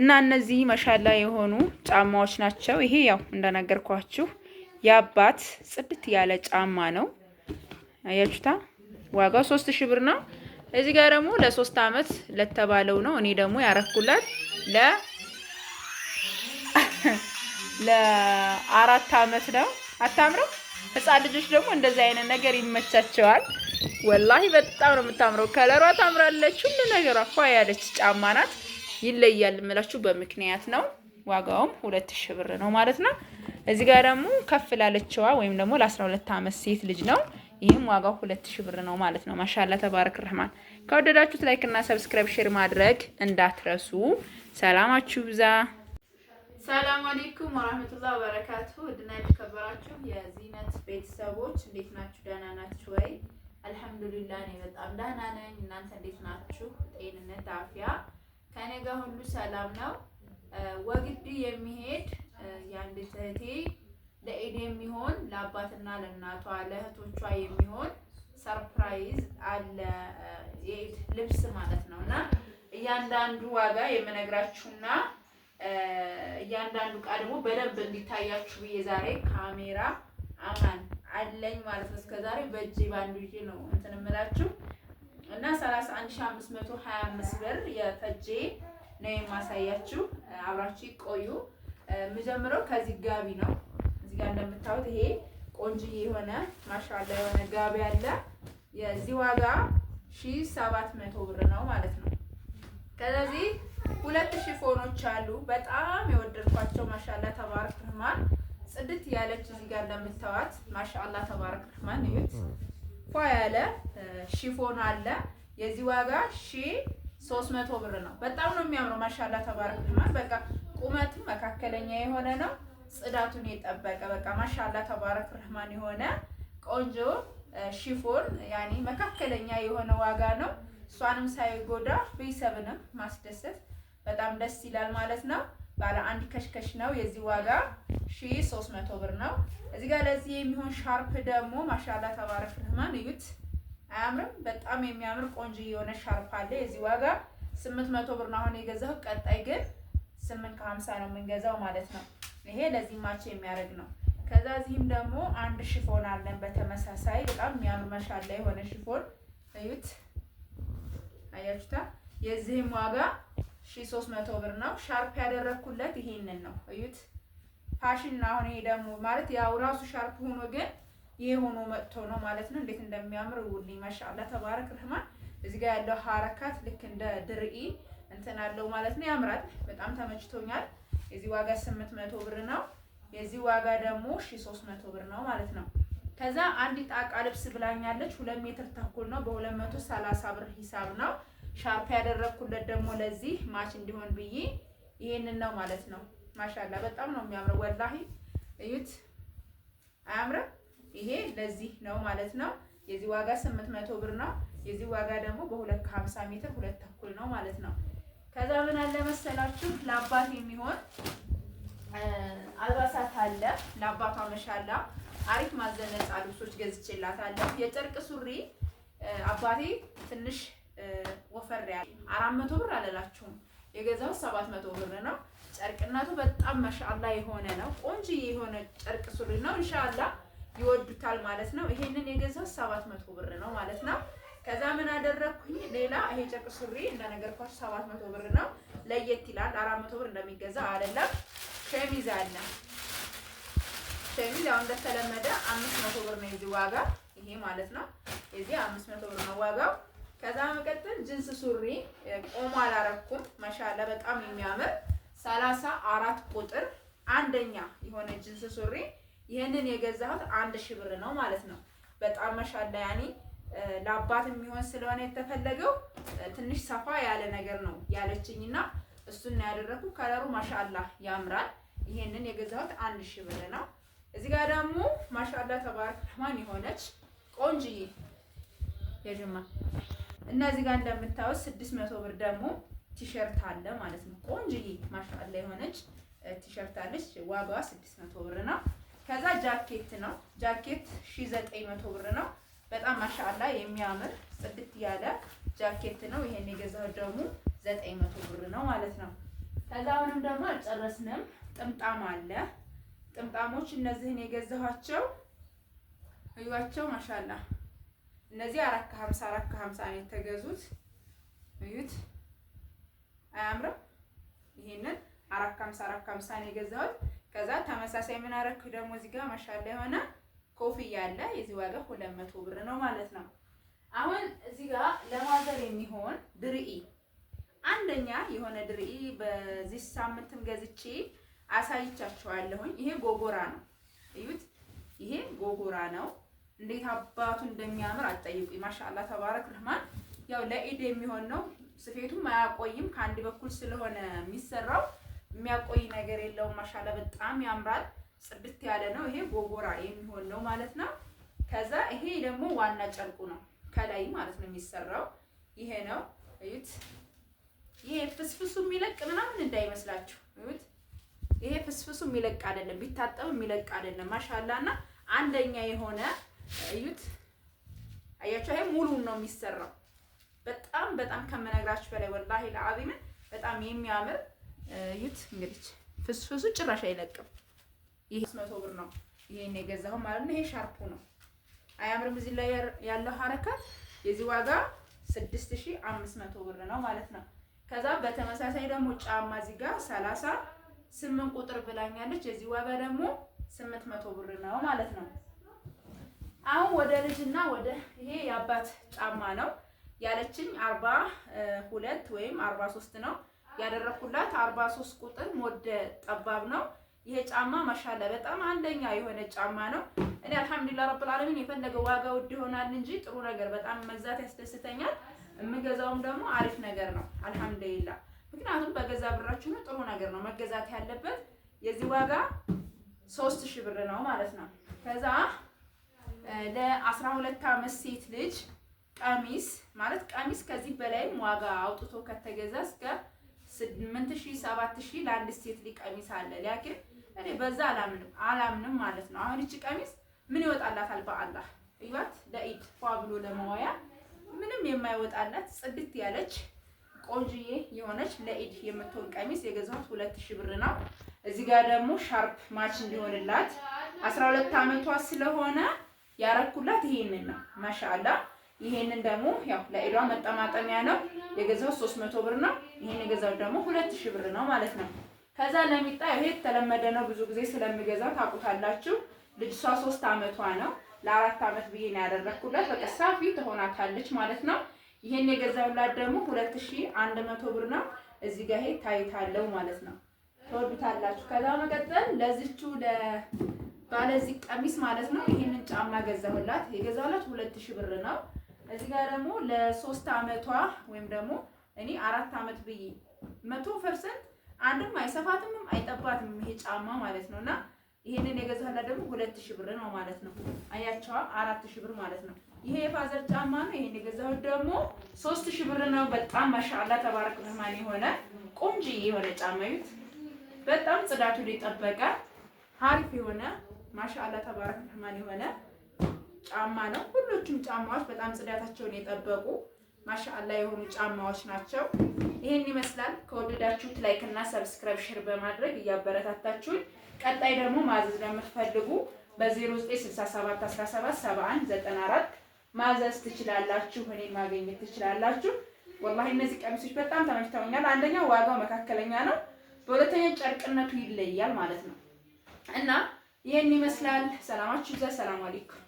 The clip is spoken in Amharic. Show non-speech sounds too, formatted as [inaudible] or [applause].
እና እነዚህ መሻላ የሆኑ ጫማዎች ናቸው። ይሄ ያው እንደነገርኳችሁ የአባት ጽድት ያለ ጫማ ነው። አያችሁታ ዋጋው ሶስት ብር ነው። እዚህ ጋር ደግሞ ለሶስት አመት ለተባለው ነው። እኔ ደግሞ ያረኩላት ለ [laughs] ለአራት አመት ነው። አታምረው? ህፃን ልጆች ደግሞ እንደዚህ አይነት ነገር ይመቻቸዋል። ወላሂ በጣም ነው የምታምረው። ከለሯ ታምራለች። ሁሉ ነገር አኳ ያለች ጫማ ናት። ይለያል የምላችሁ በምክንያት ነው። ዋጋውም ሁለት ብር ነው ማለት ነው። እዚህ ጋር ደግሞ ከፍ ላለችዋ ወይም ደግሞ ለ12 አመት ሴት ልጅ ነው። ይህም ዋጋው ሁለት ብር ነው ማለት ነው። ማሻላ ተባረክ ረህማን። ከወደዳችሁት ላይክ እና ሰብስክራይብ ሼር ማድረግ እንዳትረሱ። ሰላማችሁ ብዛ። ሰላም አለይኩም ወራህመቱላሂ ወበረካቱ። ውድና የተከበራችሁ የዚነት ቤተሰቦች እንዴት ናችሁ? ደህና ናችሁ ወይ? አልሐምዱሊላህ እኔ በጣም ደህና ነኝ። እናንተ እንዴት ናችሁ? ጤንነት አፍያ ከኔ ጋር ሁሉ ሰላም ነው። ወግዲ የሚሄድ የአንድ እህቴ ለኢድ የሚሆን ለአባትና ለእናቷ ለእህቶቿ የሚሆን ሰርፕራይዝ አለ። የኢድ ልብስ ማለት ነው እና እያንዳንዱ ዋጋ የምነግራችሁና እያንዳንዱ እቃ ደግሞ በደንብ እንዲታያችሁ ብዬ ዛሬ ካሜራ አማን አለኝ ማለት ነው። እስከዛሬ በእጄ ባንዱ ነው እንትን እምላችሁ እና 31525 ብር የፈጄ ነው የማሳያችሁ። አብራችሁ ቆዩ። የምጀምረው ከዚህ ጋቢ ነው። እዚህ ጋር እንደምታዩት ይሄ ቆንጅዬ የሆነ ማሻላ የሆነ ጋቢ አለ። የዚህ ዋጋ 1700 ብር ነው ማለት ነው። ከዚህ ሁለት ሽፎኖች አሉ። በጣም የወደድኳቸው ማሻላ ተባረክ ረህማን ጽድት ያለች እዚህ ጋር እንደምታዩት ማሻላ ተባረክ ረህማን እዩት ያለ ሺፎን አለ። የዚህ ዋጋ ሺ ሶስት ብር ነው። በጣም ነው የሚያምረው። ማሻላ በቃ መካከለኛ የሆነ ነው። ጽዳቱን የጠበቀ በቃ ማሻላ ተባረክ ረህማን የሆነ ቆንጆ ሺፎን ያኔ መካከለኛ የሆነ ዋጋ ነው። እሷንም ሳይጎዳ ቤተሰብንም ማስደሰት በጣም ደስ ይላል ማለት ነው። ባለ አንድ ከሽከሽ ነው። የዚህ ዋጋ 300 ብር ነው። እዚህ ጋር ለዚህ የሚሆን ሻርፕ ደግሞ ማሻላ ተባረክ ረህማን እዩት፣ አያምርም? በጣም የሚያምር ቆንጆ የሆነ ሻርፕ አለ። የዚህ ዋጋ 800 ብር ነው አሁን የገዛው። ቀጣይ ግን 8 ከ50 ነው የምንገዛው ማለት ነው። ይሄ ለዚህ ማቼ የሚያደርግ ነው። ከዛ እዚህም ደግሞ አንድ ሽፎን አለን። በተመሳሳይ በጣም የሚያምር ማሻላ የሆነ ሽፎን እዩት፣ አያችሁታ የዚህም ዋጋ ሺህ ሦስት መቶ ብር ነው። ሻርፕ ያደረግኩለት ይሄንን ነው እዩት። ፋሽን አሁን ይሄ ደግሞ ማለት ያው ራሱ ሻርፕ ሆኖ ግን ይሄ ሆኖ መጥቶ ነው ማለት ነው። እንዴት እንደሚያምር ውል ማሻአላ ተባረክ ረህማን። እዚህ ጋር ያለው ሀረካት ልክ እንደ ድርኢ እንትን አለው ማለት ነው። ያምራል። በጣም ተመችቶኛል። የዚህ ዋጋ ስምንት መቶ ብር ነው። የዚህ ዋጋ ደግሞ ሺህ መቶ ብር ነው ማለት ነው። ከዛ አንዲት ጣቃ ልብስ ብላኛለች። ሁለት ሜትር ተኩል ነው በሁለት መቶ ሰላሳ ብር ሂሳብ ነው። ሻርፕ ያደረግኩለት ደግሞ ለዚህ ማች እንዲሆን ብዬ ይሄንን ነው ማለት ነው። ማሻላ በጣም ነው የሚያምረው። ወላሂ እዩት፣ አያምርም? ይሄ ለዚህ ነው ማለት ነው። የዚህ ዋጋ 800 ብር ነው። የዚህ ዋጋ ደግሞ በ250 ሜትር ሁለት ተኩል ነው ማለት ነው። ከዛ ምን አለ መሰላችሁ ለአባት የሚሆን አልባሳት አለ። ለአባቷ መሻላ አሪፍ ማዘነጫ ልብሶች ገዝቼላታለሁ። የጨርቅ ሱሪ አባቴ ትንሽ ወፈር ያለ አራት መቶ ብር አልላችሁም የገዛሁት ሰባት መቶ ብር ነው። ጨርቅነቱ በጣም መሻላ የሆነ ነው። ቆንጆ የሆነ ጨርቅ ሱሪ ነው። እንሻላ ይወዱታል ማለት ነው። ይሄንን የገዛሁት ሰባት መቶ ብር ነው ማለት ነው። ከዛ ምን አደረግኩኝ ሌላ ይሄ ጨርቅ ሱሪ እንደነገርኳችሁ ሰባት መቶ ብር ነው። ለየት ይላል። አራት መቶ ብር እንደሚገዛ አይደለም። ሸሚዝ አለ። ሸሚዝ ያው እንደተለመደ አምስት መቶ ብር ነው የዚህ ዋጋ ይሄ ማለት ነው። የዚህ አምስት መቶ ብር ነው ዋጋው ከዛ መቀጠል ጅንስ ሱሪ ቆሞ አላረኩም መሻላ በጣም የሚያምር ሰላሳ አራት ቁጥር አንደኛ የሆነ ጅንስ ሱሪ ይህንን የገዛሁት አንድ ሺህ ብር ነው ማለት ነው። በጣም መሻለ ያኔ ለአባት የሚሆን ስለሆነ የተፈለገው ትንሽ ሰፋ ያለ ነገር ነው ያለችኝና እሱን ያደረኩ ከለሩ ማሻላ ያምራል። ይሄንን የገዛሁት አንድ ሺህ ብር ነው። እዚህ ጋር ደግሞ ማሻላ ተባረክ ማን የሆነች ቆንጅዬ የጅማ እና እዚህ ጋር እንደምታዩት ስድስት መቶ ብር ደግሞ ቲሸርት አለ ማለት ነው። ቆንጅዬ ማሻአላ የሆነች ቲሸርት አለች። ዋጋዋ 600 መቶ ብር ነው። ከዛ ጃኬት ነው። ጃኬት ሺ ብር ነው። በጣም ማሻአላ የሚያምር ጽድት ያለ ጃኬት ነው። ይሄን የገዛሁት ደግሞ 900 ብር ነው ማለት ነው። ከዛ አሁንም ደግሞ አልጨረስንም። ጥምጣም አለ። ጥምጣሞች እነዚህን የገዛኋቸው እዩዋቸው ማሻላ እነዚህ አራት ከሀምሳ አራት ከሀምሳ ነው የተገዙት። እዩት፣ አያምርም? ይሄንን አራት ከሀምሳ አራት ከሀምሳ ነው የገዛሁት። ከዛ ተመሳሳይ ምን አረክ ደግሞ እዚህ ጋር ማሻላ የሆነ ኮፍያ አለ። የዚህ ዋጋ ሁለት መቶ ብር ነው ማለት ነው። አሁን እዚህ ጋር ለማዘር የሚሆን ድርኢ አንደኛ የሆነ ድርኢ በዚህ ሳምንትም ገዝቼ አሳይቻችኋለሁኝ። ይሄ ጎጎራ ነው። እዩት፣ ይሄ ጎጎራ ነው። እንዴት አባቱ እንደሚያምር አትጠይቁኝ። ማሻአላ ተባረክ ረህማን። ያው ለኢድ የሚሆን ነው። ስፌቱም አያቆይም ከአንድ በኩል ስለሆነ የሚሰራው የሚያቆይ ነገር የለውም። ማሻአላ በጣም ያምራል። ጽድት ያለ ነው። ይሄ ጎጎራ የሚሆን ነው ማለት ነው። ከዛ ይሄ ደግሞ ዋና ጨርቁ ነው ከላይ ማለት ነው የሚሰራው ይሄ ነው። እዩት። ይሄ ፍስፍሱ የሚለቅ ምናምን እንዳይመስላችሁ። እዩት። ይሄ ፍስፍሱ የሚለቅ አይደለም፣ ቢታጠብ የሚለቅ አይደለም። ማሻአላና አንደኛ የሆነ እዩት። አያችሁ፣ ይሄ ሙሉውን ነው የሚሰራው። በጣም በጣም ከመነግራችሁ በላይ ወላሂ ለአዚምን በጣም የሚያምር እዩት። እንግዲህ ፍስፍሱ ጭራሽ አይለቅም። ይሄ መቶ ብር ነው ይሄን የገዛሁት ማለት ነው። ይሄ ሻርፑ ነው። አያምርም? እዚህ ላይ ያለው ሀረካት የዚህ ዋጋ 6500 ብር ነው ማለት ነው። ከዛ በተመሳሳይ ደግሞ ጫማ እዚህ ጋር 38 ቁጥር ብላኛለች። የዚህ ዋጋ ደግሞ 800 ብር ነው ማለት ነው። አሁን ወደ ልጅና ወደ ይሄ የአባት ጫማ ነው ያለችኝ አርባ ሁለት ወይም አርባ ሶስት ነው ያደረኩላት። አርባ ሶስት ቁጥር ሞደ ጠባብ ነው ይሄ ጫማ ማሻላ በጣም አንደኛ የሆነ ጫማ ነው። እኔ አልሐምዱሊላህ ረብል ዓለሚን የፈለገ ዋጋ ውድ ይሆናል እንጂ ጥሩ ነገር በጣም መግዛት ያስደስተኛል። የምገዛውም ደግሞ አሪፍ ነገር ነው አልሐምዱሊላህ። ምክንያቱም በገዛ ብራችሁ ነው ጥሩ ነገር ነው መገዛት ያለበት። የዚህ ዋጋ ሶስት ሺህ ብር ነው ማለት ነው ከዛ ለአስራ ሁለት ዓመት ሴት ልጅ ቀሚስ ማለት ቀሚስ ከዚህ በላይም ዋጋ አውጥቶ ከተገዛ እስከ ስምንት ሺ ሰባት ሺህ ለአንድ ሴት ልጅ ቀሚስ አለ። ሊያኪን እኔ በዛ አላምንም አላምንም ማለት ነው። አሁን እቺ ቀሚስ ምን ይወጣላታል? በአላህ ይባት ለኢድ ፏ ብሎ ለመዋያ ምንም የማይወጣላት ጽድት ያለች ቆንጅዬ የሆነች ለኢድ የምትሆን ቀሚስ የገዛሁት ሁለት ሺህ ብር ነው። እዚህ ጋር ደግሞ ሻርፕ ማች እንዲሆንላት አስራ ሁለት አመቷ ስለሆነ ያረኩላት ይሄንን ነው። ማሻአላ ይሄንን ደግሞ ያው ለኢዷ መጠማጠሚያ ነው የገዛው 300 ብር ነው። ይሄን የገዛው ደግሞ 2000 ብር ነው ማለት ነው። ከዛ ለሚጣ ይሄ የተለመደ ነው። ብዙ ጊዜ ስለሚገዛ ታውቁታላችሁ። ልጅቷ ሶስት አመቷ ነው። ለአራት አመት ብዬ ነው ያደረኩላት። በቃ ሳፊ ትሆናታለች ማለት ነው። ይሄን የገዛውላት ደግሞ 2100 ብር ነው። እዚህ ጋር ይሄ ታይታለው ማለት ነው። ተወዱታላችሁ። ከዛ መቀጠል ለዚቹ ለ ባለዚህ ቀሚስ ማለት ነው። ይህንን ጫማ ገዛሁላት። የገዛሁላት ሁለት ሺህ ብር ነው። እዚህ ጋር ደግሞ ለሶስት አመቷ ወይም ደግሞ እኔ አራት አመት ብዬ መቶ ፐርሰንት አንድም አይሰፋትምም አይጠባትም ይሄ ጫማ ማለት ነው። እና ይህንን የገዛሁላት ደግሞ ሁለት ሺህ ብር ነው ማለት ነው። አያቸዋ አራት ሺህ ብር ማለት ነው። ይሄ የፋዘር ጫማ ነው። ይሄን የገዛሁት ደግሞ ሶስት ሺህ ብር ነው። በጣም ማሻአላ ተባረክ ረህማን የሆነ ቆንጆ የሆነ ጫማ ይሁት በጣም ጽዳቱን የጠበቀ ሀሪፍ የሆነ ማሻአላ ተባረክ ረህማን የሆነ ጫማ ነው። ሁሎቹም ጫማዎች በጣም ጽዳታቸውን የጠበቁ ማሻአላ የሆኑ ጫማዎች ናቸው። ይሄን ይመስላል። ከወደዳችሁት ላይክ እና ሰብስክራይብ ሼር በማድረግ እያበረታታችሁኝ ቀጣይ ደግሞ ማዘዝ ለምትፈልጉ በ0967177194 ማዘዝ ትችላላችሁ። እኔ ማገኘት ትችላላችሁ። ወላሂ እነዚህ ቀሚሶች በጣም ተመችተውኛል። አንደኛው ዋጋው መካከለኛ ነው። በሁለተኛው ጨርቅነቱ ይለያል ማለት ነው እና ይህን ይመስላል። ሰላማችሁ ይብዛ። ሰላም አለይኩም።